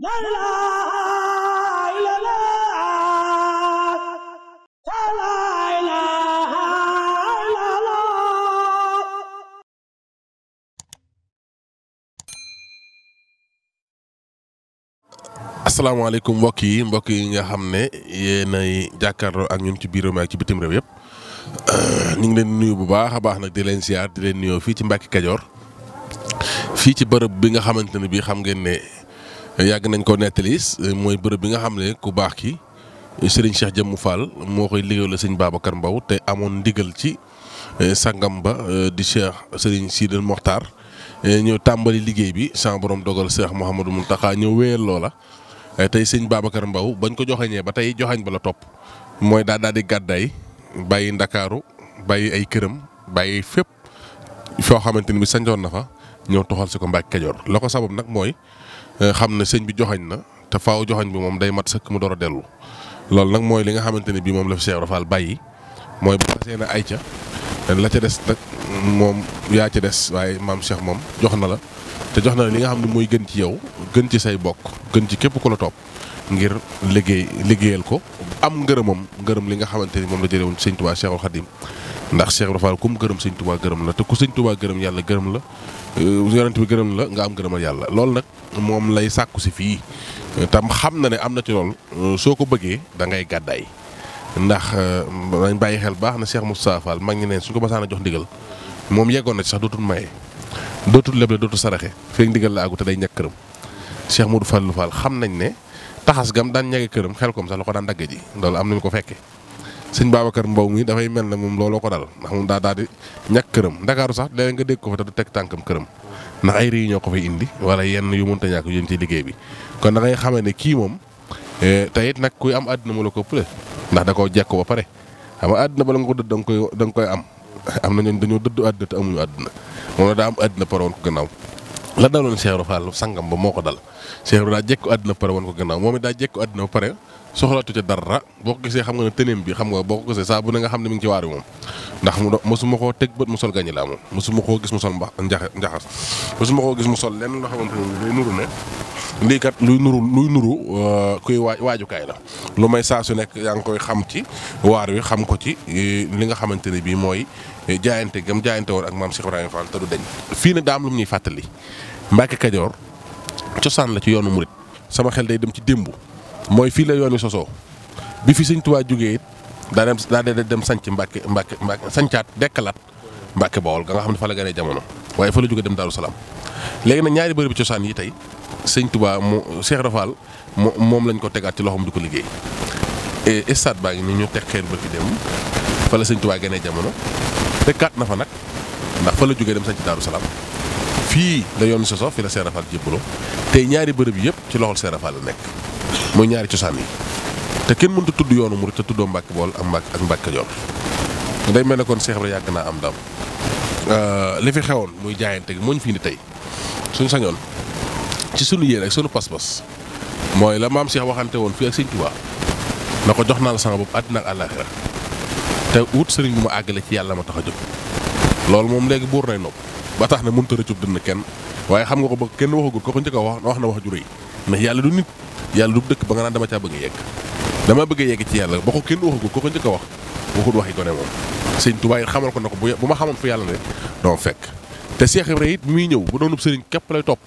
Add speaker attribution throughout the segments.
Speaker 1: la ilaha mbokk yi mbokk yi nga xam ne yéenay jàkkaarloo ak ñoom ci biiram ak ci bitim réew yépp euh, ñu ngi leen nuyu bu baax a baax nag di leen ziar di leen nuyoo fii ci mbakki Kajoor fii ci bërëb bi nga xamante ne bii xam ngeen ne yàgg nañ ko nettali mooy bërëb bi nga xam ne ku baax ki Serigne Cheikh Jëmm Fall moo koy liggéeyal Serigne baabakar mbaw te amoon ndigal ci eh, sangam ba eh, di Cheikh Serigne Sidel Mokhtar eh, ñëw tàmbali liggéey bi sans borom dogal Cheikh Mouhamadou Mountakha ñëw wéyal loola tey sëñ baabakar mbaw bañ ko joxañee ba tey joxañ ba la topp mooy daa daal di gàddaay bàyyi ndakaaru bàyyi ay këram bàyyi fépp foo xamante ni bi sanjoon na fa ñëw toxal si ko Mbàkke Kajoor la ko sabab nag mooy Euh, xam na sëñ bi joxañ na te faaw joxañ bi moom day mat sëkk mu door a dellu loolu nag mooy li nga xamante ne bii moom la fi Cheikh Ibra Fall bàyyi mooy bu xasee ay ca la ca des nag moom yaa ca des waaye maam Cheikh moom jox na la te jox na la li nga xam ne muy gën ci yow gën ci say bokk gën ci képp ku la topp ngir liggéey liggéeyal ko am ngërëmam ngërëm li nga xamante ni moom la jëlee woon ci Sëñ Tuubaa Cheikhul Khadim ndax Cheikh Ibra Fall ku gërëm sëñ Tuubaa gërëm la te ku sëñ Tuubaa gërëm yàlla gërëm la euh, yonent bi gërëm la nga am gërëm yàlla loolu nag moom lay sàkku si fii tam xam na ne am na ci lool euh, soo ko bëggee dangay ngay gàddaay ndax dañ euh, bàyyi xel baax na Cheikh Moustapha Fall mag ñi neen suñ ko basaan a jox ndigal moom yeggoon na ci sax dootul maye dootul leble dootul saraxe feeg ndigal la àggu te day ñàkk këram Cheikh Modou Fallou Fall xam nañ ne taxas gam daan ñàkk këram xel kom sax la ko daan dagg ji loolu am nañu ko fekkee sëñ Babacar Mbow mi dafay mel ne moom looloo ko dal ndax moom daa daal di ñàkk këram ndakaaru sax léeg nga dégg ko fa te du teg tànkam këram ndax ay ñoo ko fay indi wala yenn yu mënta ñàkk yu jëm ci liggéey bi kon da ngay xamee ne kii moom eh, te it nag kuy am àddina mu la ko ëppale ndax da koo jekk ba pare xam nga àddina bala nga ko dëdd da nga koy koy am am na ñooñu dañoo dëdd àddina te amuñu àddina moom la daa am àddina pare woon ko gannaaw la daloon Cheikh Fall sangam ba moo ko dal Cheikh daa jekk àddina pare woon ko gannaaw moom it daa jekku àddina ba pare soxlaatu ca dara boo ko gisee xam nga ne tëneem bi xam nga boo ko gisee saa ne nga xam ne mi ngi ci waar moom ndax mu mosuma koo teg bët mu sol gañi laa moom mosuma koo gis mu sol mbax njaxas mosuma koo gis mu sol lenn loo xamante ne nuru ne lii kat luy nuru luy nuru euh, kuy waaj waajukaay la lu may saa su nekk yaa ngi koy xam ci waar wi xam ko ci li nga xamante ne bii mooy eh, jaayante gam jaayante woon ak maam Cheikh Ibrahima Fall te du deñ fii ne daam lu ñuy fàttali Mbacke Kajoor cosaan la ci yoonu murit sama xel day dem ci démb mooy fii la yoon wi sosoo bi fi sëñ Tuubaa jógee it daa dem daa dee dem sanc Mbàkke Mbàkke dekkalaat Mbàkke Bawol gaa nga xam ne fa la gënee jamono waaye fa la jógee dem Daaru Salaam léegi nag ñaari bërëb bi cosaan yi tey sëñ Tuubaa mu Cheikh Rafal moom lañ ko tegaat ci loxoom di ko liggéey e, stade baa ngi nii ñu teg xeer ba fi dem fa la sëñ Tuubaa gënee jamono tekkaat na fa nag ndax fa la jógee dem sanc Daaru Salaam fii la yoon soso fi la Cheikh Rafal jébbaloo tey ñaari bërëb yëpp ci loxol Cheikh Rafal la nekk mooy ñaari cosaan yi te kenn mënut a tudd yoonu murit te tuddoo Mbàkke Bool ak Mbàkke ak Mbàkke Kajoor day mel ne kon Cheikh Ibra yàgg naa am daam euh, li fi xewoon muy jaayante gi mooñ fii fi tey suñu sañoon ci sunu yéene ak sunu pas-pas mooy la maam Cheikh waxante woon fii ak Sëñ Tuubaa na ko jox naa la sama bopp àddina ak àllaaxira te wut sëriñ bu ma àggale ci yàlla ma tax a jóg loolu moom léegi buur nay nopp ba tax na mënut a rëccub dënn kenn waaye xam nga ko kenn waxagul ko ko njëkk a wax na wax ju yàlla du dëkk ba nga naan dama caa bëgg a yegg dama bëgg a yegg ci yàlla ba ko kenn waxu ko ko ko njëkk a wax waxut waxi ko ne moom sëñ Tuubaa xamal ko na ko bu ma xamoon fu yàlla ne doom fekk te Cheikh Ibrahima it bi ñëw bu doonub sëriñ képp lay topp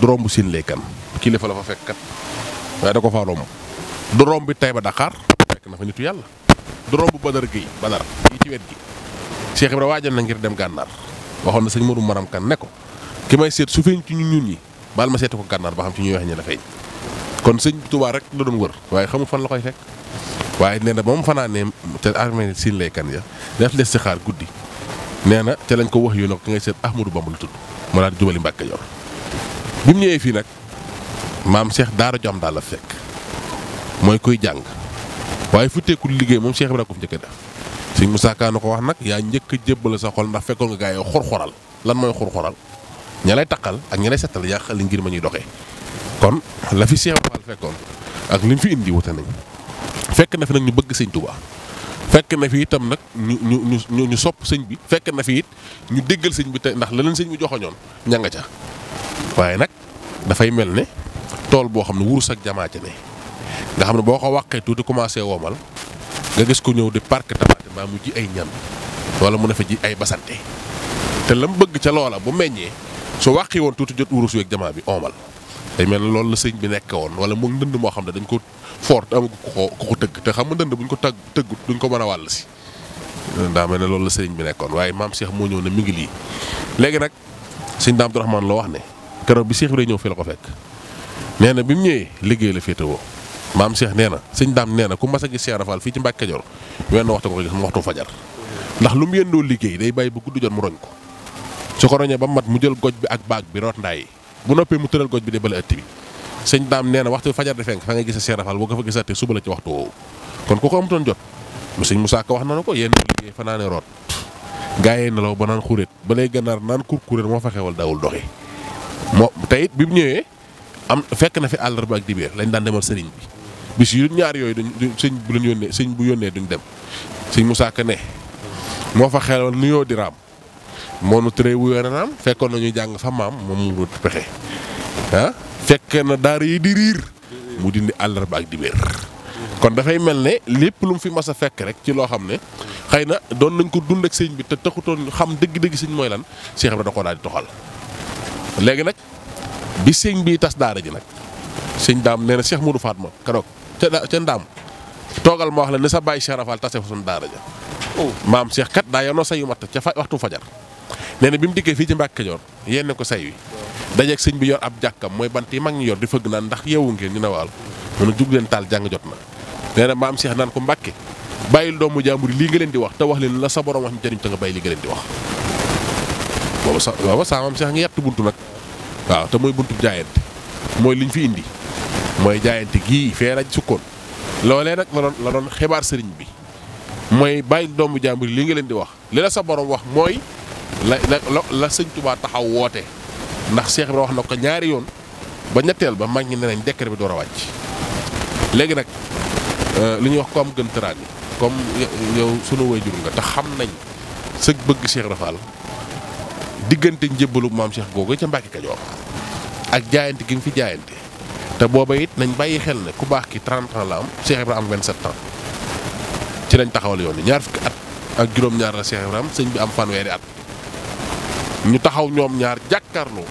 Speaker 1: du romb siin lay kan kilifa la fa fekk kat waaye ko faa romb du romb tay ba Dakar fekk na fa nitu yàlla du romb Badar Gueye Badar yi ci wet gi Cheikh Ibrahima na ngir dem gànnaar waxoon na sëñ Modou Maram kan ne ko ki may seet su feeñ ci ñun ñun ñi baal ma seeti ko gànnaar ba xam ci ñuy wax ñi la feeñ kon sëñ Touba rek la doon wër waaye xamul fan la koy fekk waaye nee na ba mu fanaanee te armée siin lay kan ya def listixaar guddi nee na te lañ ko wax yu ko ki ngay seet Ahmadou Bamba la tudd mu daal di jubali Mbàkke Kajoor bi mu ñëwee fii nag maam seex daara ju daal la fekk mooy kuy jàng waaye fu tekkul liggéey moom Cheikh bi ko fi njëkk a def sëñ ko wax nag yaa njëkk a jébbal sa xol ndax fekkoon nga gaa yi xor-xoral lan mooy xor-xoral ñalay takal ak ñalay setal ya yàqal ngir ma ñuy kon la fi Cheikh Fall fekkon ak lim fi indi wute nañ fekk na fi nak ñu bëgg seigne Touba fekk na fi itam nak ñu ñu ñu sopp seigne bi fekk na fi it ñu déggal seigne bi te ndax la leen seigne bi joxoñoon ña nga ca waye nak da fay melne tol bo xamne wurus ak jamaa ca ne nga xamne boko boo tuti commencé womal nga gis ko ñew di parc tabat ba mu ji ay ñam wala mu na fa ji ay basante te la mu bëgg ca loola bu meññee su wàqi woon tuuti jot wurus weeg jamaa bi omal day mel ne loolu la sëñ bi nekkee woon wala mu ndënd moo xam ne dañ ko fort am ko ko tëgg te xam nga ndënd buñ ko tag tëggut duñ ko mën a wàll si daa mel ne loolu la sëriñ bi nekkoon waaye maam seex moo ñëw ne mi ngi lii léegi nag sëñ Daam Abdourahmane la wax ne keroog bi Cheikh bi day ñëw fi la ko fekk nee na bi mu ñëwee liggéey la féetewoo maam Cheikh nee na sëñ Daam nee na ku mas a gis Cheikh fii ci Mbàkke Kajoor wenn waxtu ko gis mu waxtu fajar ndax lu mu yendoo liggéey day bàyyi bu gudd jot mu roñ ko su ko roñee ba mat mu jël goj bi ak baag bi root ndaay yi bu noppee mu tëral goj bi de bala ëtt bi sëñ daam nee na waxtu fajar di fenk fa nga gis a seerafal boo ko fa gisatee suba la ci waxtu woowu kon ku ko amutoon jot sëñ Moussa Ka wax na ko yéen liggéey fa naa ne root gaa yi nelaw ba naan xuréet ba lay gànnaar naan kur kuréet moo fa xewal daawul doxi moo te bi mu ñëwee am fekk na fi àllarba ak dibéer lañ daan demal sëriñ bi yu ñaar yooyu duñ duñ sëñ bu yónnee sëñ bu yónnee duñ dem sëñ Moussa Ka ne moo fa xewal nuyoo di raam monu tere yaranam fekkon nañu jang fa mam mom mu pexé ha ah, fekk na daara yi di rir mu dindi alarba ak diber kon da fay melne lepp lu fi massa fekk rek ci lo xamne xeyna doon nañ ko dund ak señ bi te taxuton xam deug deug señ moy lan cheikh ibrahima ko dal di legi nak bi señ bi tas daara ji nak señ dam neena cheikh modou fatma karok te te ndam togal mo wax la ne sa bay cheikh rafal tasé fa sun daara ja oh. mam cheikh kat da yono sayu mat ca waxtu fajar nee na bi mu dikkee fii ci Mbàkke Kajoor yenn ko say wi dajeeg sëñ bi yor ab jàkkam mooy bant yi mag ñi yor di fëgg naan ndax yeewu ngeen ñu ne waal mu ne jug leen taal jàng jot na nee maam Cheikh naan ko Mbàkke bàyyil doomu jaambur yi lii nga leen di wax te wax leen la sa borom wax ñu jëriñ te nga bàyyi di wax booba sa booba sa maam Cheikh nga yett buntu nag waaw te mooy buntu jaayante mooy liñ fi indi mooy jaayante gii fee raj sukkoon loolee nag la doon la doon xibaar sëriñ bi mooy bàyyil doomu jaambur yi nga leen di wax li sa borom wax mooy la la la sëñ Touba taxaw woote ndax Cheikh Ibra wax na ko ñaari yoon ba ñetteel ba mag ñi ne nañ décret bi door a wàcc léegi nag euh, li ñuy wax comme gën tëraan yi comme yow sunu wayjur nga te xam nañ sa bëgg Cheikh Ibra Fall diggante njëbbalu maam Cheikh googu ca Mbàkke Kajoor ak jaayante gi mu fi jaayante te booba it nañ bàyyi xel ne ku baax ki 30 la am Cheikh Ibra am 27 ans ci lañ taxawal yoon ñaar fukki at ak juróom-ñaar la Cheikh Ibra am sëñ bi am fanweeri at. ñu taxaw ñoom ñaar jàkkaarloo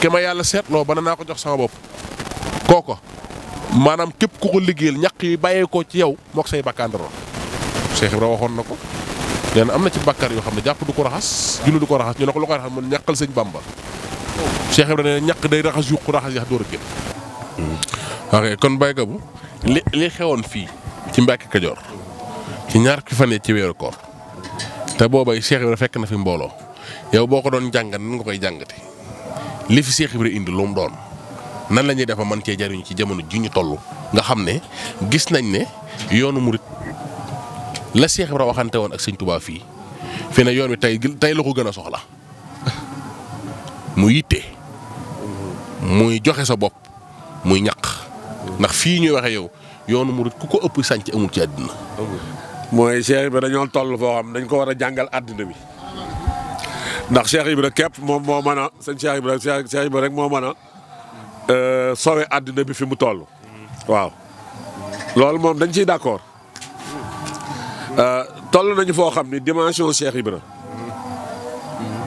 Speaker 1: ki ma yàlla seetloo ba na naa ko jox sama bopp kooko maanaam képp ku ko liggéeyal ñaq yi bàyyeekoo ci yow mook say bàkkaandaroo Cheikh Ibra waxoon na ko nee na am na ci bàkkaar yoo xam ne jàpp ko raxas julli du ko raxas ñu ne ko lu koy raxas mun ñàqal sëñ Bamba Cheikh na ñaq day raxas yuq raxas yax door a génn ok kon Baye Gabou li li xewoon fii ci Mbàkke Kajoor ci ñaar ki fan ci weeru koor te boobay Cheikh Ibra fekk na fi mbooloo yow boko don doon nan nga koy jangati li fi Cheikh ibrahim indi lu don nan lañuy ñuy def man ci jariñ ci jamono juñu tollu nga xamne gis nañ ne yoonu murit la Cheikh ibrahim waxante won ak seigne Touba fi fi ne yoon wi tay tay la ko gën soxla mu yité muy joxe sa bop muy ñak nak fi ñuy waxe yow yoonu murit kuko ëpp sant ci amul ci aduna moy Cheikh ibrahim dañu tollu fo xam dañ ko wara jangal aduna bi ndax Cheikh
Speaker 2: Ibra képp moom moo mën a sëñ Cheikh Ibra Cheikh Ibra rek moo mën a euh, sowe àddina bi fi mu toll waaw loolu moom dañ ciy d'accord euh, toll nañu foo xam ni dimension Cheikh Ibra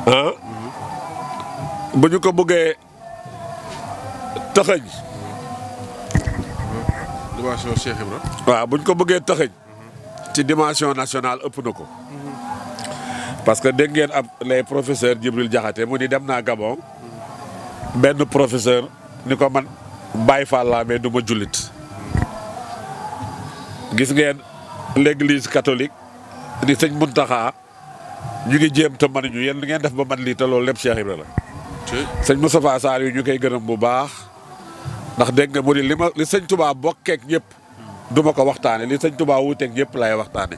Speaker 2: ah bu ñu ko bëggee taxañ
Speaker 1: dimension Cheikh Ibra
Speaker 2: waaw bu ko bëggee taxañ dimension nationale ëpp na ko parce que dégg ngeen ab les professeurs Djibril Diakhaté mu ni dem naa Gabon benn professeur ni ko man Baye Fall laa mais du gis ngeen l'église catholique ni sëñ Muntaxa ñu ngi jéem te man ñu yéen ngeen def ba man liitaloo te loolu lépp Cheikh Ibrahima la sëñ Moustapha Sarr yu ñu koy gërëm bu baax ndax dégg nga mu ni li ma li sëñ Touba bokkeek ñëpp du ma ko waxtaane li sëñ Touba wuuteeg ñëpp lay waxtaane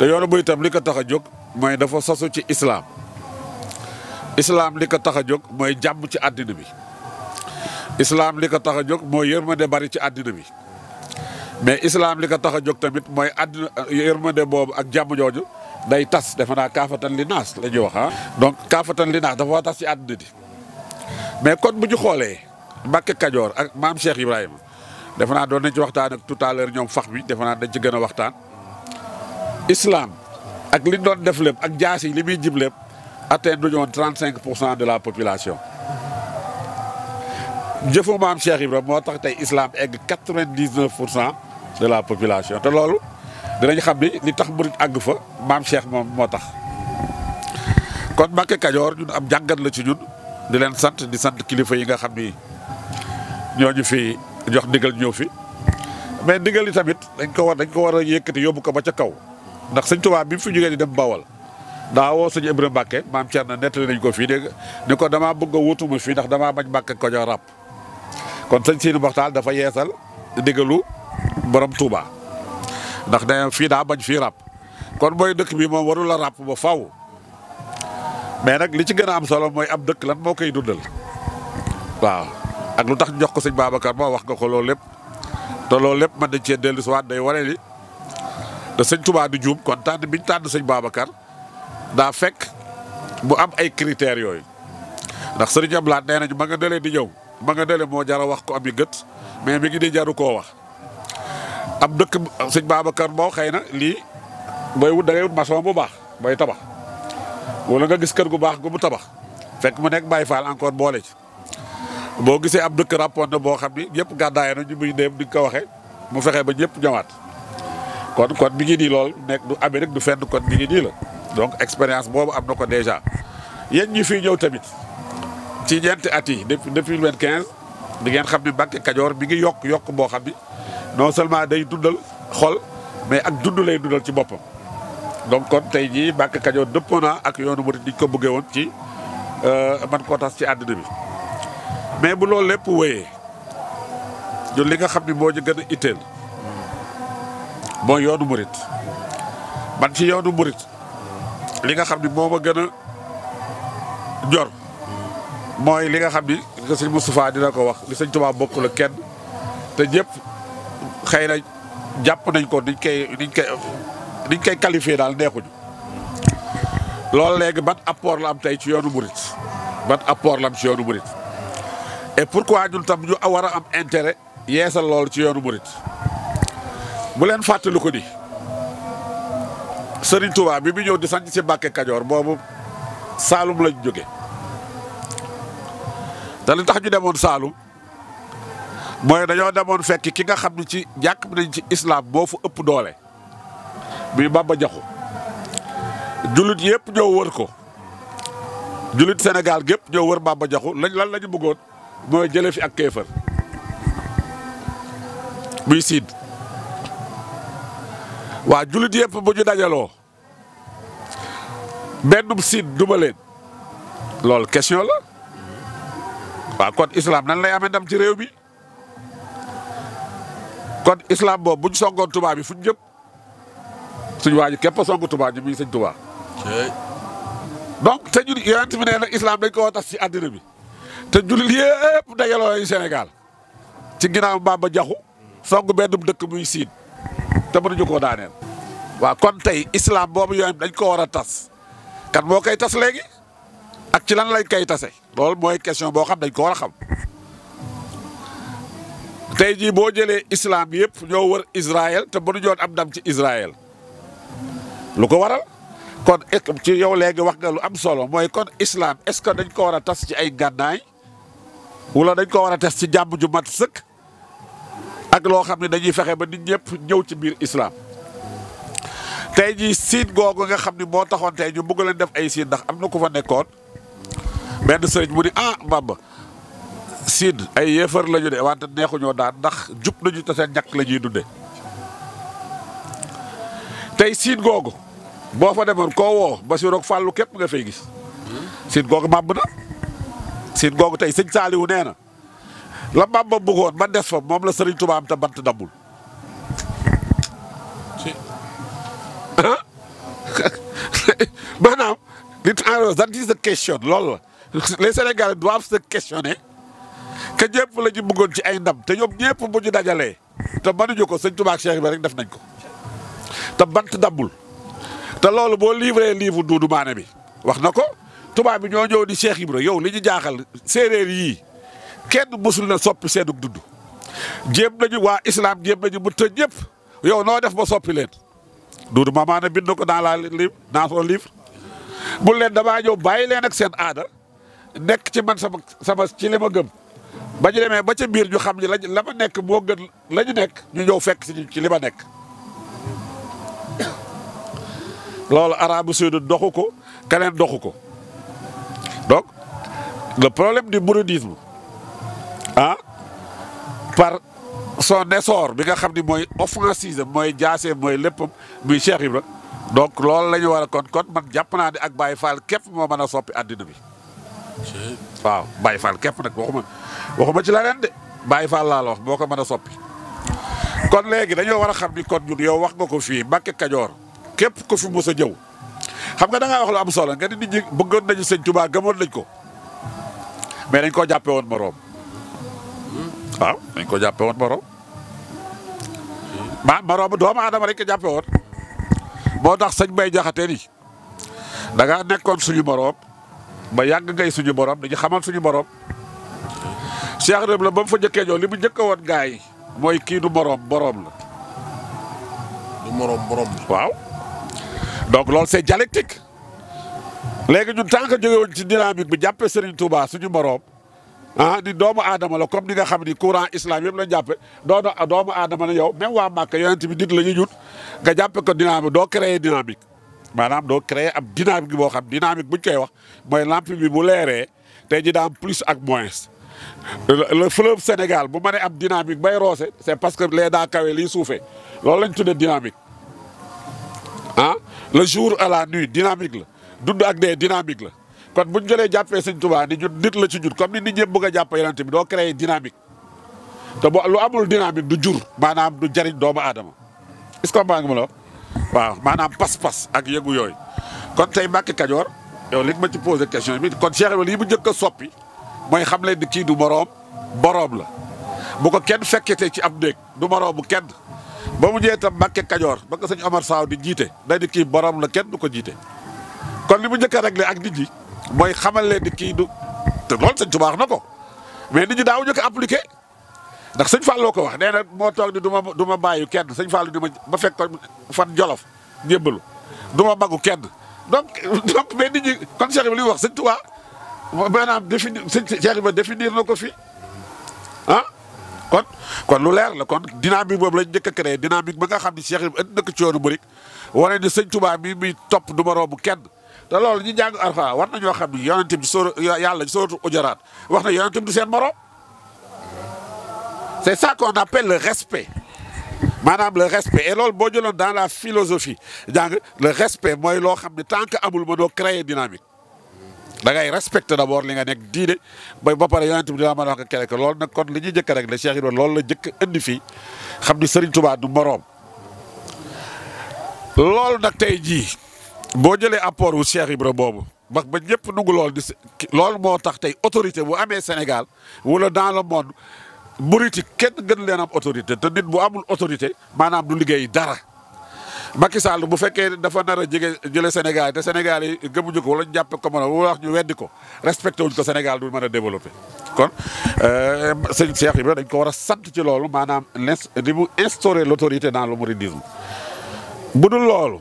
Speaker 2: te yoonu bu itam li ko tax a jóg mooy dafa sosu ci Islam islam li ko tax a jóg mooy jàmm ci àddina bi islam li ko tax a jóg mooy yërmande bari ci àddina bi mais islam li ko tax a jóg tamit mooy àddina yërmande boobu ak jàmm jooju day tas defe naa kaafatan li naas la ñuy wax ah. donc kaafatan li naas dafa tas ci àddina di mais kon bu ñu xoolee kadior ak maam Cheikh Ibrahima defe naa doon nañ ci waxtaan ak tout à l'heure ñoom fax bi defe naa dañ ci gën a islam ak li doon def lépp ak jaas yi li muy jib lépp atteint duñoon trente cinq pour cent de la population jëfu maam Cheikh Ibra moo tax tey islam egg quatre vingt dix neuf pour cent de la population te loolu dinañ xam ni li tax murit àgg fa maam Cheikh moom moo tax kon Mbàkke Kajoor ñun am jàngat la ci ñun di leen sant di sant kilifa yi nga xam ni ñooñu fi jox ndigal ñëw fi mais ndigal yi tamit dañ ko war dañ ko war a yëkkati yóbbu ko ba ca kaw ndax sëñ touba bi fi di dem Bawol da wo sëñ ibrahim bakke mam Cerno nettali nañ ko fi deg ni ko dama bëgg a wutuma fii ndax dama bañ bakke ko jox rap kon sëñ Siini Moxtaar dafa yéssal ndigalu borom Touba ndax da fi da bañ fi rap kon boy dëkk bi moom waru la rap ba faw mais nak li ci gëna am solo moy ab dëkk lan mo koy duddal waaw ak lu tax jox ko sëñ babakar ma wax nga ko lolépp to lolépp man day waré li te sëñ Touba du juum kon tànn bi ñu tànn sëñ Babacar daa fekk mu am ay critères yooyu ndax sëriñ Ablaat nee nañ ma nga dëlee di ñëw ma nga dëlee moo jara wax ko am yi gët mais mi ngi di jaru koo wax am dëkk sëñ baabakar boo xëy na lii booy wut da ngay wut maçon bu baax booy tabax wala nga gis kër gu baax gu mu tabax fekk mu nekk Baye Fall encore boole ci boo gisee am dëkk rapport na boo xam ni ñëpp gàddaay na ñu muy dem di ko waxee mu fexe ba ñëpp ñëwaat kon kon mi ngi nii lool nekk du Amérique du fenn kon mi ngi nii la donc expérience boobu am na ko déjà yéen ñi fii ñëw tamit ci ñeenti at yi depuis depuis quinze di ngeen xam ne Mbacke Kajoor mi ngi yokk yokk boo xam ni non seulement day dundal xol mais ak dudd lay dundal ci boppam. donc kon tey jii Mbacke Kajoor dëppoo naa ak yoonu murid di ko buggee woon ci euh, man koo tas ci àddina bi mais bu loolu lépp woyee ñun li nga xam ni boo ñu gën a itteel. mooy yoonu murit man ci yoonu murit li nga xam ni moo ma gën a jor mooy li nga xam ni si sëñ dina ko wax li sëñ Tuubaa bokk la kenn te ñëpp xëy na jàpp nañ ko niñ koy niñ koy niñ koy qualifié daal neexuñu loolu léegi ban apport la am tey ci yoonu murit ban apport la am ci yoonu murit et pourquoi ñun tam ñu war a am intérêt yeesal loolu ci yoonu murit bu leen fàttali ko di Serigne Touba bi bu ñëw di sanc ci Mbàkke Kajoor boobu Saalum lañ jóge te li tax ñu demoon Saalum mooy dañoo demoon fekk ki nga xam ni ci jàkk bi nañ ci islam moo fu ëpp doole muy Bamba Jaxu jullit yëpp ñoo wër ko jullit senegal gépp ñoo wër Bamba Jaxu lañ lan la ñu bëggoon mooy jële fi ak kéefër muy siin waa julit yëpp bu ñu dajaloo benn siit duma leen loolu question la waaw kon islam nan lay amee ndam ci réew mi kon islam boobu bu ñu songoon tubaab bi fu ñu suñ suñu waa ji képp songu tubaab ji muy sëñ tubaab. donc te ñun yonent bi nee na islam dañ ko war tas ci bi te jullit yëpp dajaloo lañu Sénégal ci ginnaaw Bamba Jaxu song benn dëkk muy siin te mënuñu ko daaneel waaw kon tey islam boobu yooyu dañ ko war a tas kan moo koy tas léegi ak ci lan lañ koy tase loolu mooy question boo xam dañ ko war a xam tey jii boo jëlee islam yëpp ñoo wër Israël te mënuñoon am ndam ci Israël lu ko waral kon ci yow léegi wax nga lu am solo mooy kon islam est-ce que dañ ko war a tas ci ay gànnaay wala dañ ko war a tas ci jàmm ju mat sëkk. ak loo xam ne dañuy fexe ba nit ñëpp ñëw ci biir islam tey jii siin googu nga xam ne moo taxoon tey ñu bëgg leen def ay siin ndax am na ku fa nekkoon benn sëriñ mu ni ah Bamba siin ay yéefar la ñu de wante neexuñoo daan ndax jub nañu te seen ñàkk la ñuy dunde tey siin googu boo fa demoon koo woo Basiru ak Fàllu képp nga fay gis siin googu màbb na siin googu tey sëñ Saaliwu nee na la Bamba bëggoon ba des fa moom la Serigne Touba am te bant dammul. ah maanaam li that en the question loolu la les Sénégalais doivent se questionner que ñëpp la ñu bëggoon ci ay ndam te ñoom ñëpp bu ñu dajalee te mënuñu ko Serigne Touba ak rek def nañ ko te bant dammul te loolu boo livré livre Doudou Mané bi wax na ko tubaab bi ñoo ñëw di Cheikh yow li ñu jaaxal séeréer yii. kenn mësul na soppi seenug dudd jéem nañu waa islaam jéem nañu bu tëj ñépp yow noo def ba soppi leen Duudu Mamaane bind ko dans la livre dans son livre bu leen damaa ñëw bàyyi leen ak seen aada nekk ci man sama sama ci li gëm ba ñu demee ba ca biir ñu xam ne lañ la ma nekk moo gën lañu nekk ñu ñëw fekk si ci li ma nekk loolu arabu sud doxu ko keneen doxu ko donc le problème du mouridisme ah par son essor bi nga xam ni mooy offensive mooy jaase mooy léppam muy Cheikh Ibra donc loolu la ñu war a kon kon man jàpp naa ne ak Baye Fall képp moo mën a soppi àddina bi waaw Baye Fall képp nag waxuma waxuma ci la ren de Baye Fall laa la moo ko mën a soppi kon léegi dañoo war a xam ni kon ñun yow wax nga ko fii Mbàkke Kajoor képp ko fi mos a jëw xam nga da ngaa wax lu am solo nga ni nit ñi bëggoon nañu sëñ Tuubaa gëmoon nañ ko mais dañ koo jàppee woon moroom waaw dañ ko jàppe woon morom ma moroomu doomu aadama rek ko jàppe woon moo tax sëñ Bay Jaxate ni da ngaa nekkoon suñu morom ba yàgg ngay suñu morom dañu xamal suñu morom Cheikh Ibrahim la ba mu fa njëkkee ñëw li mu njëkk woon gaa yi mooy kii du morom morom la du morom morom la waaw donc loolu c'est dialectique léegi ñun tant que jóge ci dynamique bi jàppe Serigne Touba suñu morom ah di doomu aadama la comme ni nga xam ni courant islam yëpp la jàppe doono doomu aadama la yow même waa Màkka yonent bi nit la ñu ñut nga jàppe ko dynamique doo créer dynamique maanaam doo créer ab dynamique boo xam dynamique buñ koy wax mooy lampe bi bu leeree tey ji daam plus ak moins le fleuve Sénégal bu mënee am dynamique bay roose c'est parce que lee daa kawe lii suufee loolu lañ tuddee dynamique ah le jour à la nuit dynamique la dund ak dee dynamique la kon buñ jëlee jàppee sëñ Tuubaa ni ñun nit la ci ñun comme ni nit ñëpp bëgg a jàpp yonent bi doo créer dynamique te boo lu amul dynamique du jur maanaam du jariñ doomu aadama est-ce que maa waaw maanaam pas-pas ak yëngu yooyu kon tey Mbàkke Kajoor yow li ma ci posé question bi kon Cheikh lii bu njëkk soppi mooy xam leen ni kii du moroom boroom la bu ko kenn fekkete ci ab néeg du moroom bu kenn ba mu ñëwee itam Mbàkke Kajoor ba ko sëñ Omar Saaw di jiite day di kii boroom la kenn du ko jiite kon li mu njëkk a ak nit ñi mooy xamal leen di kii du te loolu sëñ Tuubaa na ko mais nit ñi daaw ñu ko appliqué ndax sëñ Falloo ko wax nee na moo toog ni du ma du ma bàyyi kenn sëñ Fallu di ma ba fekk fan jolof njébbalu du ma magu kenn donc donc mais nit ñi kon Cheikh Ibrahima li wax sëñ Tuubaa maanaam définir sëñ Cheikh Ibrahima définir na ko fi ah kon kon lu leer la kon dynamique boobu lañ njëkk a créé dynamique ba nga xam ne Cheikh Ibrahima ënd na ko ci yoonu murit wane ni sëñ Tuubaa mii muy topp du ma romb kenn te loolu ñu jàng arfa war nañoo xam ni yonent bi sóor yàlla sóoratu ujaraat wax na yonent bi du seen moro c'est ça qu'on appelle le respect maanaam le respect et loolu boo jëloon dans la philosophie jàng le respect mooy loo xam ne tant que amul mënoo créer dynamique da ngay respecter d'abord li nga nekk diine ba ba pare yonent bi dina mën a wax nga loolu nag kon li ñuy jëkk rek le Cheikh Ibrahima loolu la jëkk indi fii xam ni seriñ Touba du moroom loolu nag jii. boo jëlee apport wu Cheikh Ibra boobu ba ba ñëpp dugg lool di lool moo tax tey autorité bu amee Sénégal wala dans le monde Mouride kenn gën leen am autorité te nit bu amul autorité maanaam du liggéey dara. Macky Sall bu fekkee dafa nar a jege jële Sénégal te Sénégal yi gëmuñu ko wala jàppe ko mën a wax ñu weddi ko respecté wuñ ko Sénégal du mën a développé kon euh, sëñ Cheikh Ibra dañ ko war a sant ci loolu maanaam li mu instauré l' autorité dans le mouridisme bu loolu.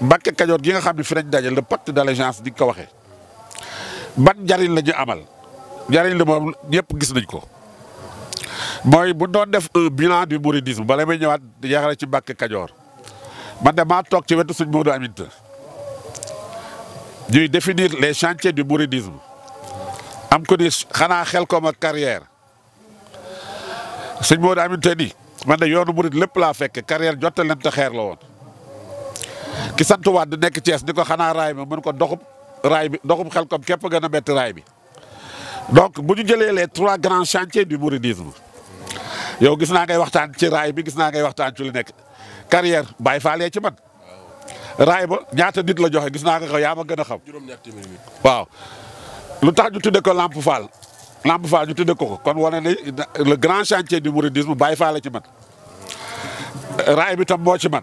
Speaker 2: Mbàkke kajor gi nga xam ne fi lañ daje le pacte d'allégeance di ko waxe ban njariñ la amal njariñ la mom pungis gis nañ ko moy bu doon def un bilan du mouridisme balay may ñëwaat jeexale ci Mbàkke Kajoor man dama tok ci wetu suñu modou Aminta ñuy définir les chantiers du mouridisme am ko ni xana xel ko ma carrière suñ Moodu Aminta ni man da yoonu lepp la fekk carrière ta xeer la won ki santu sant Wade nekk Thiès ni ko xanaa raay ma mën ko doxub raay bi doxub xel kom képp gën a bett raay bi donc bu ñu jëlee les trois grands chantiers du mouridisme yow gis naa ngay waxtaan ci raay bi gis naa ngay waxtaan ci lu nekk carrière bàyyi faalee ci man raay ba ñaata nit la joxe gis naa nga ko yaa gën a xam waaw lu tax ñu tudde ko Lamp Fall Lamp Fall ñu tudde ko ko kon wane ne le grand chantier du mouridisme bàyyi faale ci man raay bi tam moo ci man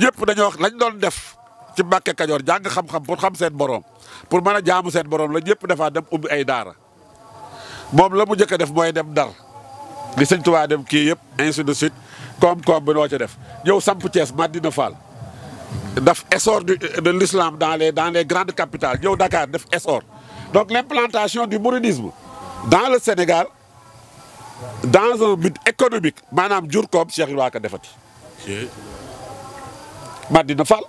Speaker 2: ñëpp dañoo wax lañ doon def ci jàng xam-xam pour xam borom pour jaamu borom la dem ay daara def dem dem ainsi de suite Comme, comme, bi noo ci def samp Thiès Madina Fall essor de l'islam dans les grandes capitales Dakar def essor donc l'implantation du mouridisme dans le Sénégal dans un but économique maanaam jur Cheikh Madina Fall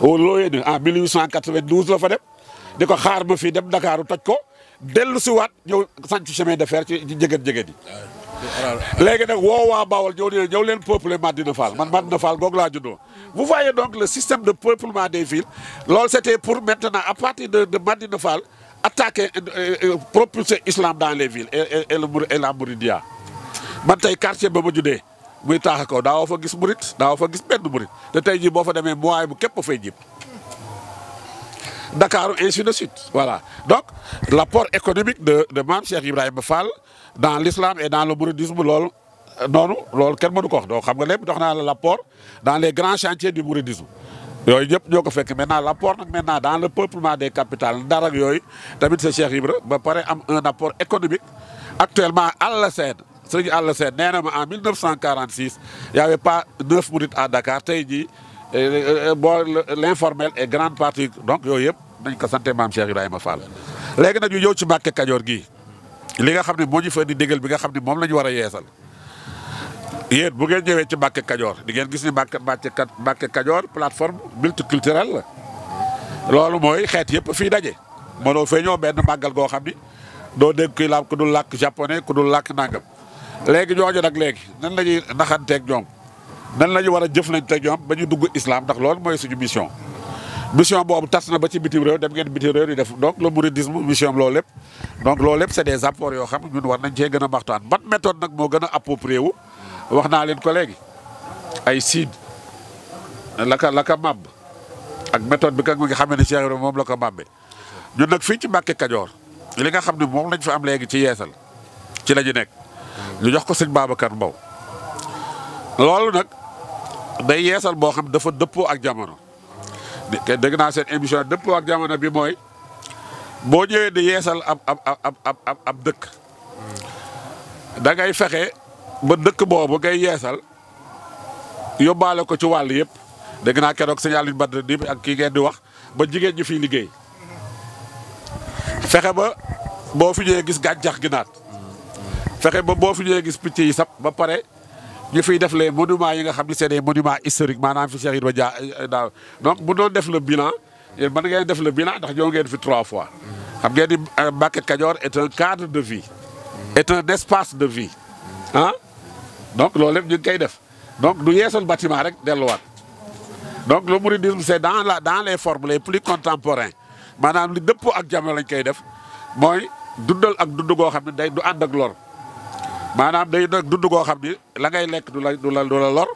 Speaker 2: au loyer de 1892 le fa de di ko xaar ba fii dem Dakar toj ko dellu si santi ñëw sant chemin de fer ci jëgët jëgët yi. léegi nag woo waa Bawol ñëw ne ñëw leen peupler Madina Fall man Madina Fall googu laa vous voyez donc le système de peuplement des villes loolu c'était pour maintenant à partir de de Madina Fall attaquer euh, euh, propulser islam dans les villes et et et la Mouridia man tey quartier ba ma juddee buy taax ko daawoo fa gis murit daawoo fa gis benn murit te tey jii boo fa demee mooy bu kep fa jib Dakar ainsi de suite voilà donc l'apport économique de de Mame Cheikh Ibrahima Fall dans l'islam et dans le mouridisme loolu noonu loolu kenn mënu ko wax donc xam nga lepp dox naa l'apport dans les grands chantiers du mouridisme yoy ñep ñoko ko fekk maintenant l'apport nag maintenant dans le peuplement des capitales dara ak yooyu tamit c'est Cheikh Ibra ba paré am un apport économique actuellement à la scène Serigne Alla Sène néna ma en 1946 il y avait pas neuf minutes à Dakar tey jii euh, euh, l'informel est grande partie donc yooyu yëpp nañ ko santé mam Cheikh Ibrahima Fall. légui nak ñu ñëw ci Mbàkke Kajoor gi li nga xam ne moo ñu fa di déggal bi nga xam mom lañu wara yéssal war bu ngeen ñëwee ci Mbàkke Kajoor di ngeen gis ni Mbàkke Mbàkke Kajoor plateforme multiculturelle la loolu mooy xeet yëpp fii daje mënoo fee ben benn go xamni do dégg kuy làkk ku dul làkk japonais ku dul làkk nangam. léegi ñooñu nag léegi nan la ñuy naxanteeg ñoom nan la ñu war a jëflanteeg ñoom ba ñu dugg islam ndax lool mooy suñu mission. mission boobu tas na ba ci bitim réew dem ngeen bitim réew di def donc le mouridisme mission loolu lép donc lool lépp c' est des apports yoo xam ñun war nañ cee gën a waxtaan ban méthode nag moo gën a wax naa leen ko léegi ay siin la ka la ka màbb ak méthode bi ka nga xamee ne Cheikh Ibrahima moom la ko màbbee ñun nag fii ci Mbàkke Kajoor li nga xam ne moom lañ fi am léegi ci yeesal ci la ñu nekk. ñu jox ko sëñ babakar mbaw lolou nak day yeesal bo xam dafa deppo ak jamono te dégg naa seen émission deppo ak jamono bi moy bo ñëwee de yeesal ab ab ab ab ab ab dëkk da ngay fexé ba dëkk bobu ngay yeesal yobale ko ci wàll yépp deug na kérok sëñ Aliou Badr di ak ki ngeen di wax ba jigéen ñu fi liggéey fexé ba bo fi ñëwee gis gàncax ginaat fexé ba bo fi ñëwee gis picc yi sap ba paré ñu fiy def les monuments yi nga xamni c'est des monuments historiques manam fi Cheikh Ibrahima Dia euh, donc bu do def le bilan yéen mën ngeen def le bilan ndax ñëw ngeen fi trois fois. xam ngeen di euh, Mbacké Kadior est un cadre de vie. est un espace de vie. hein donc lolé ñu ngi def donc du yeesal bâtiment rek delluwaat donc le mouridisme c'est dans la dans les formes les plus contemporains manam li depp ak jamm lañ kay def moy dundal ak dund go xamni day du and ak lor. maanaam day nag dund goo xam ni la ngay lekk du la la du la lor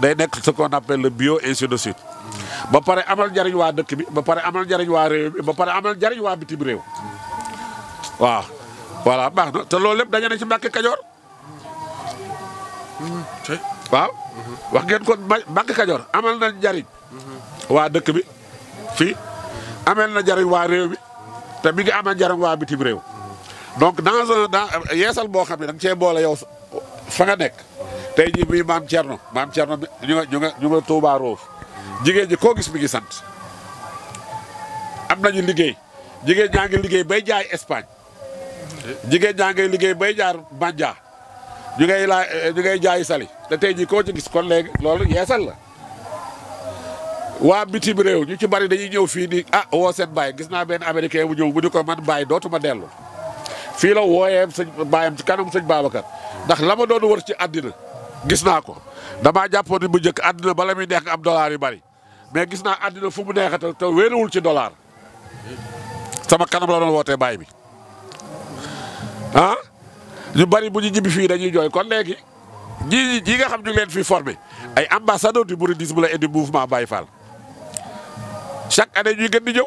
Speaker 2: day nekk ce qu'on le bio ainsi de suite ba pare amal jariñ waa dëkk bi ba pare amal jariñ waa ba pare amal njariñ waa bitim réew waaw voilà baax na te loolu lépp dañu ne ci Mbàkke Kajoor waaw wax ngeen kon Mbàkke Kajoor amal na njariñ waa dëkk bi fii amal na jariñ waa réew bi te mi amal njariñ waa bitim réew donc dans un dans yeesal boo xam ne da nga cee boole yow fa nga nekk tey jii muy maam Thierno maam Thierno ñu nga ñu nga ñu jigéen ji koo gis mi ngi sant am nañu liggéey jigéen ñaa liggéey bay jaay Espagne jigéen ñaa liggéey bay jaar Mandia ñu ngay laa ñu ngay jaay sali te tey jii ko ci gis kon léegi loolu yeesal la waa bitim réew ñu ci bari dañuy ñëw fii ni a ah, woo seen baay gis naa benn américain bu ñëw bu ni ko man baay dootuma dellu fii la wooyeem sëñ baayam ci kanam sëñ Babacar ndax la ma doon wër ci àddina gis naa ko damaa jàppoon ni jëkk njëkk àddina bala muy neex nga am dollar yu bari mais gis naa àddina fu mu neexatal te wéeruwul ci dollar sama kanam la doon wootee baay bi ah ñu bari bu ñu ñibbi fii dañuy jooy kon léegi ñii ñi nga xam ñu ngi leen fi formé ay ambassadeur du mouridisme la et du mouvement Baye Fall chaque année ñuy gën di ñëw.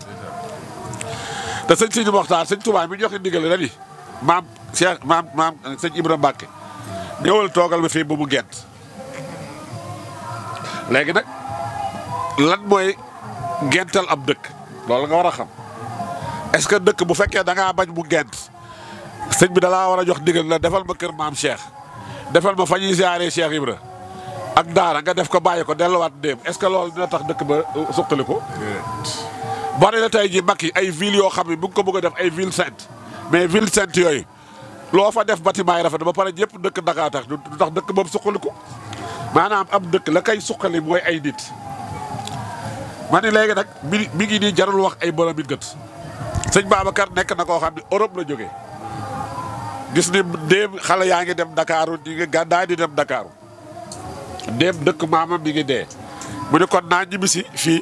Speaker 2: te sëñ Sidi Moxtaar sëñ Touba mi joxe ndigal la ni maam Cheikh maam maam sëñ Ibrahima Mbacke ñëwal toogal ma fii ba mu gent léegi nag lan mooy gental ab dëkk loolu nga war a xam est-ce que dëkk bu fekkee da ngaa bañ mu gent sëñ bi dalaa war a jox ndigal la defal ma kër maam Cheikh defal ma fa ñuy siyaaree Cheikh Ibra ak daara nga def ko bàyyi ko delluwaat ndéem est-ce que loolu dina tax dëkk ba suqali ko boo dee tey jii Macky ay ville yoo xam ne bu ngi ko bëgg a def ay ville sainte mais ville sainte yooyu loo fa def bâtiment rafet ba pare ñëpp dëkk Dakar tax du tax dëkk boobu suqaliku maanaam am dëkk la koy suqali mooy ay nit. ma ne léegi nag mi mi ngi nii jarul wax ay borom it gët sëñ Babacar nekk na koo xam ne Europe la jóge gis ni déem xale yaa ngi dem Dakar ñu ngi gàddaay di dem Dakar déem dëkk maamam mi ngi dee mu ne kon naa ñibbisi fii.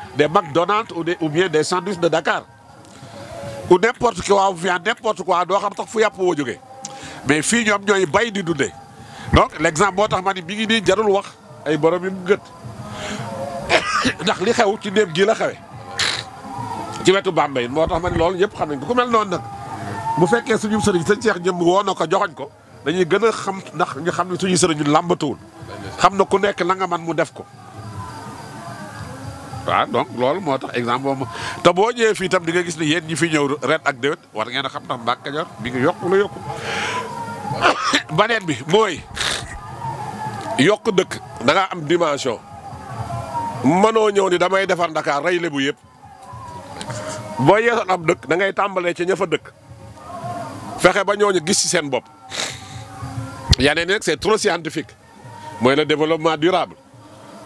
Speaker 2: des McDonald's ou, ou bien des sandwichs de Dakar ou n'importe quoi ou bien n'importe quoi doo xam tax fu mais ils ont bay di donc l'exemple des tax ma ni ngi de jarul wax ay des ndax li xew ci ci wetu bambay motax ma ni xam nañ ko mel que... nak bu fait suñu sëriñ sëñ Cheikh ñëm ko dañuy gëna xam ndax ñu xam ne suñu sëriñ xam na ku nekk la nga man mu def ko waaw ah, donc loolu moo tax exemple boobu te boo ñëwee fii tam di nga gis ne yéen ñi fi ñëw ret ak déwét war ngeen a xam ndax Mbacke Kadior mi ngi yokku la yokku baneen bi Il yokk dëkk da ngaa am dimension mano ñëw ni damay defar Dakar rey lebu yëpp boo yeesoon am dëkk da ngay tàmbalee ci ña fa dëkk fexe ba ñooñu gis ci seen bopp yeneen nag c'est trop scientifique mooy le développement durable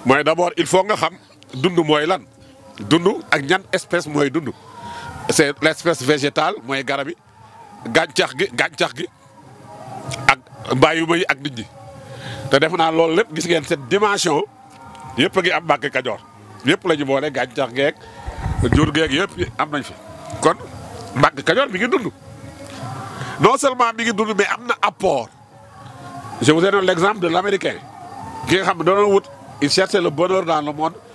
Speaker 2: mooy d'abord il faut nga xam Dundu moy lan ak ñan espèce moy le, c'est l'espèce végétale moy garabi, yi gi gàncax gi ak bayu bay ak nit te def loolu gis ngeen cette dimension a am la boole jur geek yépp am nañ fi kon non seulement mi ngi mais amna apport je vous ai l'exemple de l'américain ki nga xam ne il cherchait le bonheur dans le monde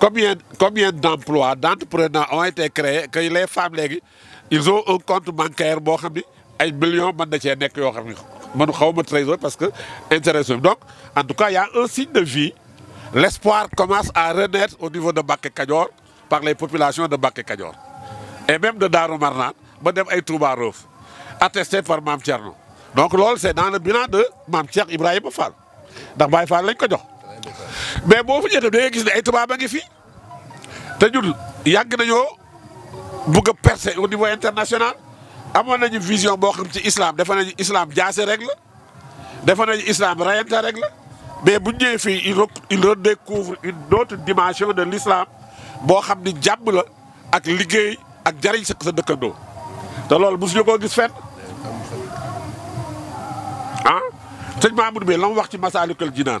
Speaker 2: Combien, combien d'emplois, d'entrepreneurs ont été créés que les femmes, ils ont un compte bancaire, un million de trésor parce que intéressant. Donc, en tout cas, il y a un signe de vie. L'espoir commence à renaître au niveau de Baké Kadior par les populations de Baké Kadior. Et même de Darou Marnan, un Touba attesté par Mam Donc, c'est dans le bilan de Mam Tchern Ibrahim Fall. Donc, il faut mais boo fu ñëwee tam da ngay gis ne ay tubaab ngi fi te ñun yàgg nañoo bugg a percer au niveau international amoon nañu vision boo xam ci islam defe nañu islam jaase rek la defe nañu islam rayante rek mais bu ñëwee fii il il redécouvre une autre dimension de l'islam boo xam ni jàmm ak liggéey ak jariñ sa sa dëkkandoo te loolu mosuñu koo gis fenn ah sëñ Mamadou bi la mu wax ci Masaalikul Jinaan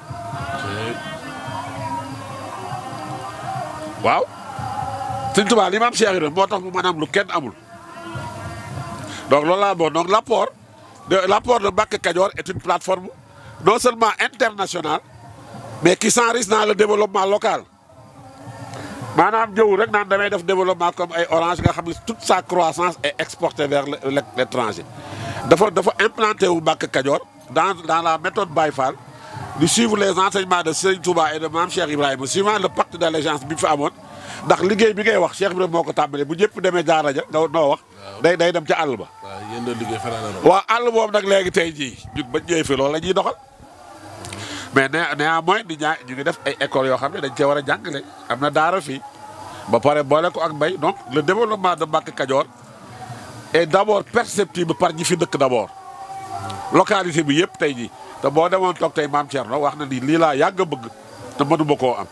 Speaker 2: waaw sëñ Tuubaa li maam Cheikh Ibrahima moo tax mu mën lu kenn amul donc loolu laa moon donc l'apport de l'apport de Mbacké Kadior est une plateforme non seulement international mais qui s'enrichit dans le développement local maanaam ñëw rek naan damay def développement comme ay Orange nga xam ne toute sa croissance est exportée vers l'étranger dafa dafa implanté wu Mbacké Kadior dans dans la méthode Baye Fall de suivre les enseignements de Serigne Touba et de Mme Cheikh Ibrahima suivant le pacte d'allégeance ndax liggéey bi ngay wax Cheikh Ibrahima moko bu nous avons wax. day day dem ci all ba.
Speaker 1: nous
Speaker 2: avons mais néanmoins di ñaa ñu ngi def écoles yo dañ a nous ba ak donc le développement de Kadior est d'abord perceptible par ñi d'abord localité bi tay te bo demoon tok tay mam Thierno wax na ni lii laa yàgg a bëgg te mënuma koo am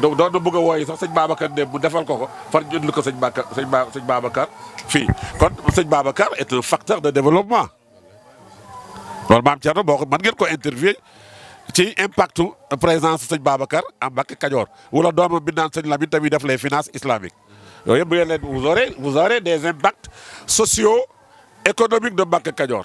Speaker 2: do do beug a wooyi sax seigne Babacar dem mu defal ko ko far ñu indil ko seigne Babacar seigne Babacar fi kon seigne Babacar est un facteur de développement lol mam Thierno boo man ngeen ko interviewer ci impact présence seigne Babacar am Mbacké Kajoor wala doomam bi naan sëñ Lamine tamit def les finances islamiques yooyu yëpp ngeen vous aurez vous aurez des impacts sociaux économiques de Bakke Kajoor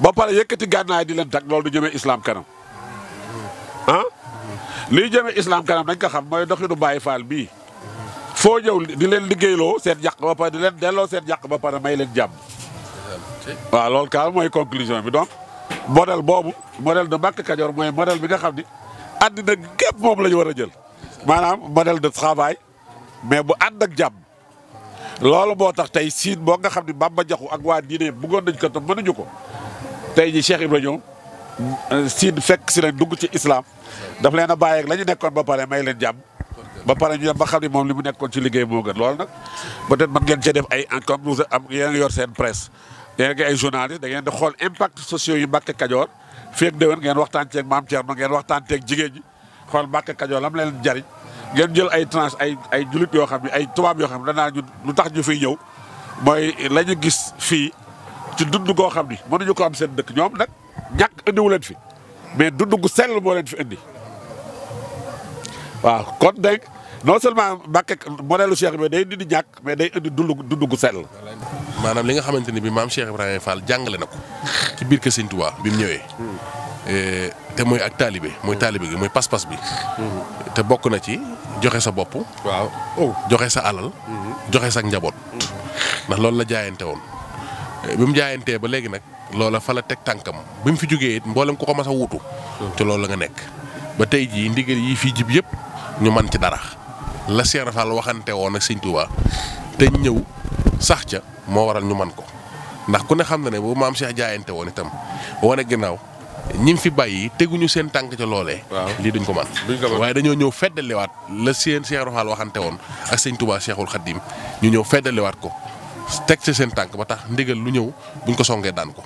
Speaker 2: ba pare yëkkati gannaay di leen tak loolu du jëmee islam kanam han ah? li jëmee islam kanam dañ ko xam moy doxi du baye Faal bi fo ñëw di leen liggéeyloo seen yàq ba pare di leen delo seen yàq ba pare may leen jàmm wa loolu ka moy conclusion bi donc model bobu model de bak kadior moy model bi nga xam di adina gep mom lañu wara jël manam model de travail mais bu and ak jàmm loolu moo tax tey siin boo nga xam ne Bamba Jaxu ak waa diine gon nañ ko te mënuñu ko tey ji Cheikh Ibrahima si fekk si leen dugg ci islam daf leen a bàyyeeg la ñu nekkoon ba pare may leen jàmm ba pare ñu dem ba xam ne moom li mu nekkoon ci liggéey moo lool loolu nag peut-être mën ngeen cee def ay comme nous am yéen a yor seen presse yéen a ay journaliste da ngeen di xool impact sociaux yu Mbàkke Kajoor feeg déwén ngeen waxtaan ceeg maam Thierno ngeen waxtaan ceeg jigéen ñi xool Mbàkke Kajoor lam leen jariñ ngeen jël ay tranche ay ay julit yoo xam ne ay tubaab yoo xam ne danaa ñu lu tax ñu fiy ñëw mooy la ñu gis fii ci dund goo xam ni mënuñu ko am seen dëkk ñoom nag ñàkk indiwu leen fi mais dund gu sell moo leen fi indi
Speaker 1: waaw kon dégg non seulement Mbàkke modèle Cheikh bi day dindi ñàkk mais day indi dund dund gu sell. maanaam li nga xamante ni bi maam Cheikh Ibrahima Fall jàngale na ko ci biir kër Sëñ Tuubaa bi mu ñëwee. Eh, te mooy ak taalibe mooy taalibe gi mooy pas-pas bi. te bokk na ci joxe sa bopp. waaw joxe sa alal. Mm-hmm. joxe sa njaboot. Mm-hmm. ndax loolu la jaayante woon. bi mu jaayantee ba léegi nag loola fa la teg tànkam bi mu fi jógee it mboolem ku ko mas a wuutu. ci loolu la nga nekk ba tey jii ndigal yi fii jib yëpp ñu man ci dara la Cheikh Fall waxante woon ak Sëñ Tuubaa te sax ca moo waral ñu man ko ndax ku ne xam na ne bu maam Cheikh jaayante woon itam wane ginnaaw ñi fi bàyyi teguñu seen tànk ca loolee. lii duñ ko man waaye dañoo ñëw feddaliwaat la seen Cheikh Fall waxante woon ak Sëñ Tuubaa Cheikhul Khadim ñu ñëw feddaliwaat ko. teg ci seen tànk ba tax ndigal lu ñëw buñ ko songee daan ko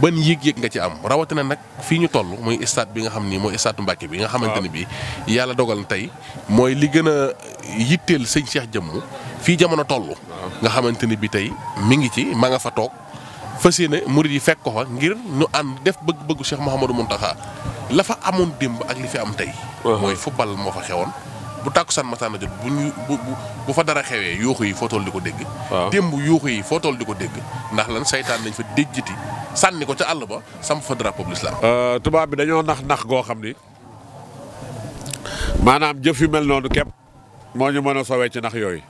Speaker 1: ban yéeg-yéeg nga ci am rawatina nag fii ñu toll mooy stade bi nga xam ni mooy stade Mbacke bi nga xamante ne bii yàlla dogal na tey mooy li gën a yitteel sëñ Cheikh Jëmm fii jamono toll nga xamante ni bi tey mi ngi ci ma nga fa toog fas yéene murid yi fekk ko fa ngir ñu ànd def bëgg-bëggu seex Cheikh moom Mountakha la fa amoon démb ak li fi am tey mooy football moo fa xewoon bu tàkkusaan masaana jot bu ñu bu bu fa dara xewee yuuxu yi foo toll di ko dégg. waaw démb yuuxu yi foo toll di ko dégg ndax lan saytaan nañ fa déjjiti sànni ko ca àll ba samp fa drapeau bu lislaam. Euh, tubaab bi dañoo nax nax goo xam ni
Speaker 2: maanaam jëf yu mel noonu képp moo ñu mën a soowee ci nax yooyu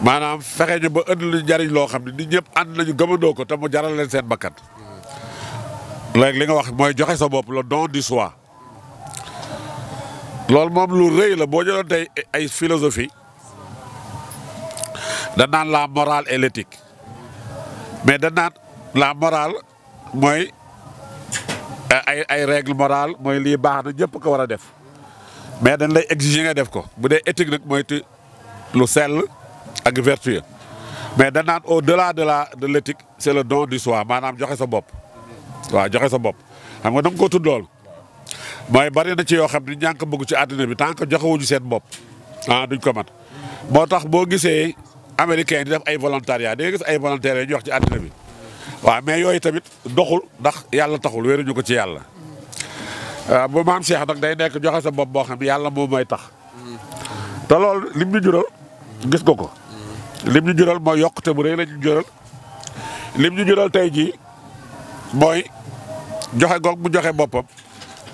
Speaker 2: maanaam fexe ñu ba ënd lu jariñ loo xam ne nit ñëpp ànd nañu gëmandoo ko te mu jaral leen seen bakkan léegi li nga wax mooy joxe sa bopp la don di soi. loolu moom lu reuy la bo jëloon tay ay philosophie da nan la morale et l'éthique mais da nan la morale moy euh, ay ay règle morale moy li baax na ñëpp ko wara def mais dañ lay exiger nga def ko bu dé éthique nak moy ti lu sel ak vertueux mais da nan au delà de la de l'éthique c'est le don du soi manam joxe sa bop wa joxe sa bop xam nga da ko tudd loolu mooy bari na ci yoo xam ne ñaa ngi ci àddina bi tant que joxewuñu seen bopp ah duñ ko man moo tax boo gisee américain di def ay volontariat da nga gis ay volontaires ñu wax ci àddina bi waaw mais yooyu tamit doxul ndax yàlla taxul wéeruñu ko ci yàlla. Ah, bu maam Cheikh nag day nekk joxe sa bopp boo xam ne yàlla moom mooy tax te loolu lim ñu jural gis nga ko lim ñu jural mooy yokkute bu rëy la ñu jural lim ñu jural tey jii mooy joxe goog mu joxe boppam.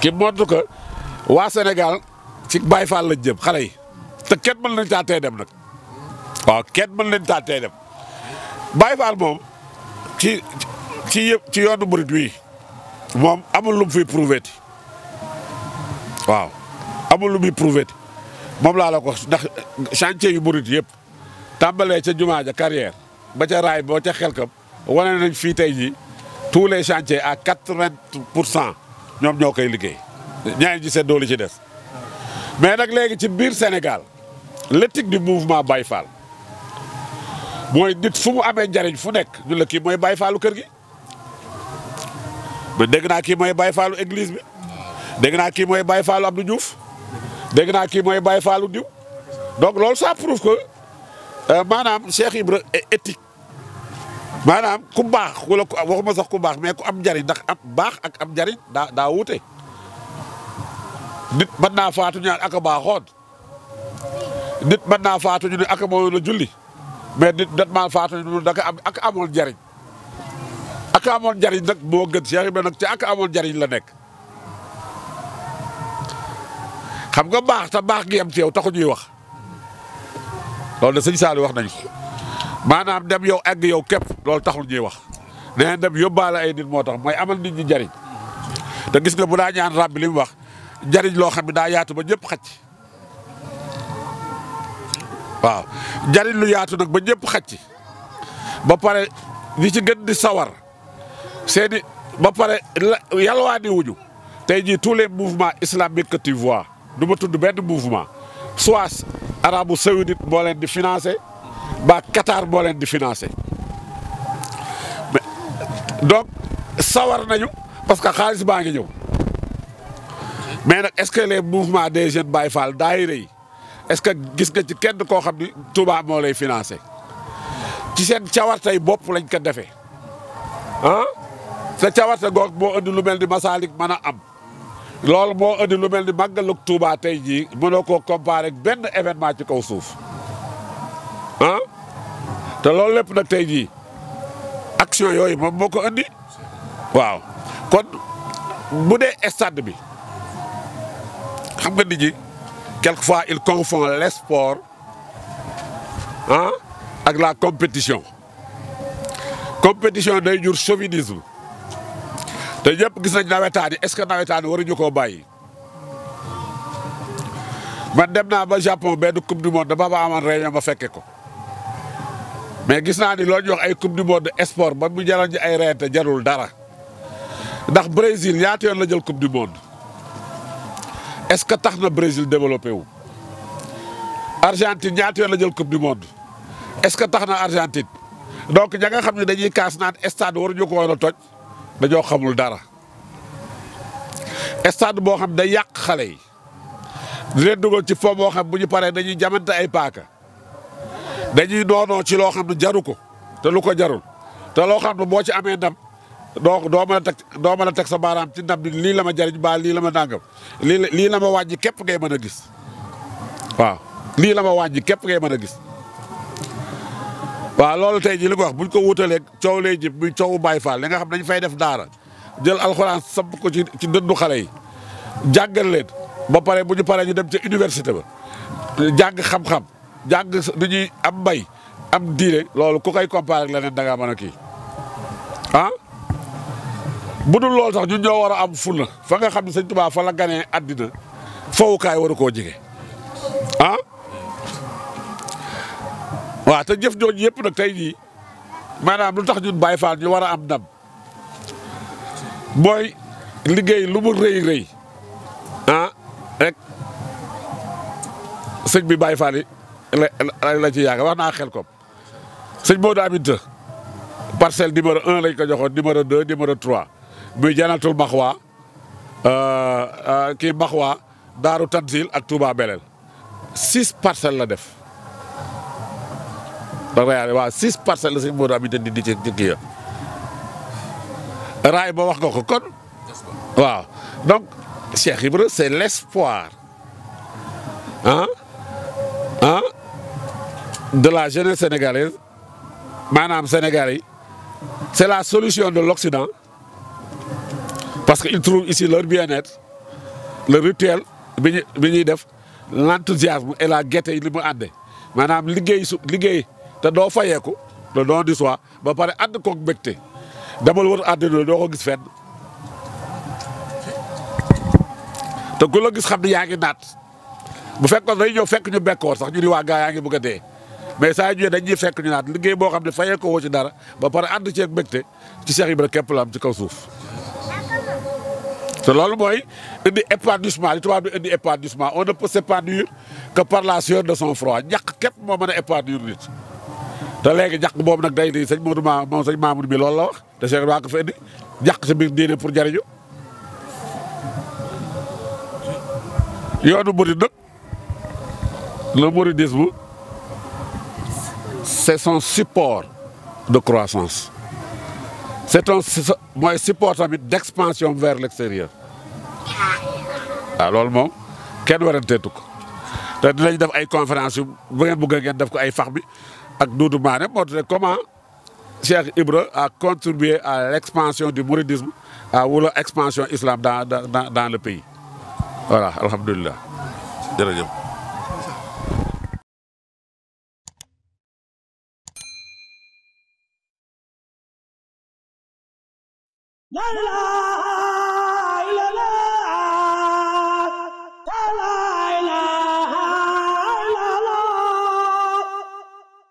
Speaker 2: ki motu ko waa Sénégal ci Baye Fall lañ jëm xale yi te kenn mën nañ taa dem nag waaw ket mën nañ taa tee dem moom ci ci yëpp ci yoonu murit wi moom amul lu mu fiy waaw amul lu muy prouvé moom laa la ko ndax chantier yu murit yëpp tàmbalee ca jumaa ja carrière ba ca raay boo ca xelkam wane nañ fii tey jii tous les chantiers à quatre-vingts pour cent ñoom ñoo koy liggéey ñaari ji seddoo li ci des mais nag léegi ci biir Sénégal l'éthique du mouvement Baye Fall mooy nit fu mu amee njariñ fu nekk ñu la kii mooy Baye Fallu kër gi ba dégg naa kii mooy Baye Fallu église bi dégg naa kii mooy Baye Fallu Abdou Diouf dégg naa kii mooy Baye Fallu diw donc loolu ça prouve que euh, maanaam Cheikh Ibra éthique maanaam ku baax wala ku waxuma sax ku baax mais ku am njariñ ndax am baax ak am jariñ daa daa wute nit mën naa faatu ñaan ak a baaxoon nit mën naa faatu ñu ne ak a julli mais nit dat maa faatu ñu da am ak amoon njariñ ak amoon njariñ nag moo gën Cheikh nag ci ak amoon jariñ la nekk xam nga baax te baax gi am ci yow taxu ñuy wax loolu de sëñ Saliou wax nañu maanaam dem yow egg yow képp loolu taxul ñuy wax nee dem yóbbaale ay nit moo tax mooy amal nit ñi njariñ te gis nga bu daa ñaan rab bi wax jariñ loo xam ne daa yaatu ba ñëpp xacc waaw jariñ lu yaatu nag ba ñëpp xacc ba pare ñi ci gën di sawar seeni ba pare yalwaani wuñu tey jii tous les mouvements islamiques que tu vois du ma tudd benn mouvement soit arabu saoudite moo leen di financé baa Qatar boo leen di financé donc sawar nañu parce que xaalis baa ngi ñëw mais nag est-ce que les mouvements des jeunes Baye Fall daayira yi est-ce que gis nga ci kenn koo xam ni Touba moo lay financé ci seen cawartay bopp lañ ko defee ah sa cawarte goog moo indi lu mel ni Masalik mën a am loolu moo indi lu mel ni màggalug Touba tey jii mënoo koo comparé benn événement ci kaw suuf ah te loolu lépp nag tey jii action yoy moom boko andi waaw kon bu stade bi xam nga nit ñi quelquefois il confond les sports ah hein, ak la compétition compétition day jur chauvinisme te ñëpp gis nañ nawetaan est-ce que nawetaan waruñu ko bayyi man dem naa ba Japon benn coupe du monde dama ba amoon réunion ma fekke ko. mais gis naa ni loo ñu wax ay coupe du monde sport ba mu jaral ji ay reete jarul dara ndax Brésil ñaata yoon la jël coupe du monde est-ce que tax na Brésil développé wu. Argentine ñaata yoon la jël coupe du monde est-ce que tax na Argentine donc ña nga xam ne dañuy kaas naan stade waruñu ko woon a toj dañoo xamul dara stade boo xam day yàq xale yi di leen dugal ci fo boo xam bu ñu paree dañuy jamante ay paaka. dañuy doonoo ci loo xam ne jaru ko te lu ko jarul te loo xam ne boo ci amee ndam doo doo mën a teg doo mën a teg sa baaraam ci ndam bi lii la ma jariñ ba lii la ma nàngam lii lii la ma wàññi képp ngay mën a gis waaw lii la ma wàññi képp ngay mën a gis. waaw loolu tey jii li ko wax buñ ko wutalee coow lay jib muy coowu Baay Faal li nga xam dañ fay def daara jël alxuraan sab ko ci ci dëndu xale yi jàngal leen ba pare bu ñu paree ñu dem ca université ba jàng xam-xam. jàng du ñuy am mbay am diine loolu ku koy comparé ak leneen da ngaa mën a kii ah. bu dul loolu sax ñun ñoo war a am fulla fa nga xam ne sëñ Tuubaa fa la ganee àddina fowukaay waru koo jege ah. waaw te jëf jooju yëpp nag tey jii maanaam lu tax ñun Baay Faal ñu war a am ndam mooy liggéey lu mu rëy rëy ah rek sëñ bi Baay Faal Je ne parcelle numéro 1 numéro 2 numéro 3 muy janatul makhwa euh euh ki makhwa daru tadzil ak touba belal 6 parcelles la def ba wayale wa 6 parcelles ci modou habité di di ci dig ya ray ba wax goko kon wa donc cheikh ibrou c'est l'espoir hein hein de la jeunesse sénégalaise maanaam Sénégal yi c'est la solution de l'Occident parce qu'ils trouvent ici leur bien-être le rituel bi def l'enthousiasme et la gaieté li mu àndee maanaam liggéey su liggéey te doo fayeeku le don du soi ba pare ànd koog mbégte demal wër àddina doo ko gis fenn te ku la gis xam ne yaa ngi naat bu fekkoon day ñëw fekk ñu bekkoor sax ñu ni waa gaa yaa ngi mais saa yu ñëwee dañ ñuy fekk ñu naat liggéey boo xam ne fayee ko woo ci dara ba pare ànd ceeg mbégte ci Cheikh Ibra képp la am ci kaw suuf. te loolu mooy indi épanouissement li tubaab di indi épanouissement on ne peut s'épanouir que par la sueur de son front ñàkk képp moo mën a épanouir nit. te léegi ñàkk boobu nag day di sañ Modou Ma moom sëñ Mamour bi loolu la wax te Cheikh Ibra ko indi ñàkk sa biir diine pour jariñu yoonu murid nag le mouridisme c'est son support de croissance c'est un support d'expansion vers l'extérieur Alors, loolu quel ce que ko te dinañ def ay conférence vous bu ngeen bëgg ngeen def ko Nous fax comment Cheikh Ibra a contribué à l'expansion du mouridisme à l'expansion expansion islam dans le pays voilà Alhamdulillah. La la.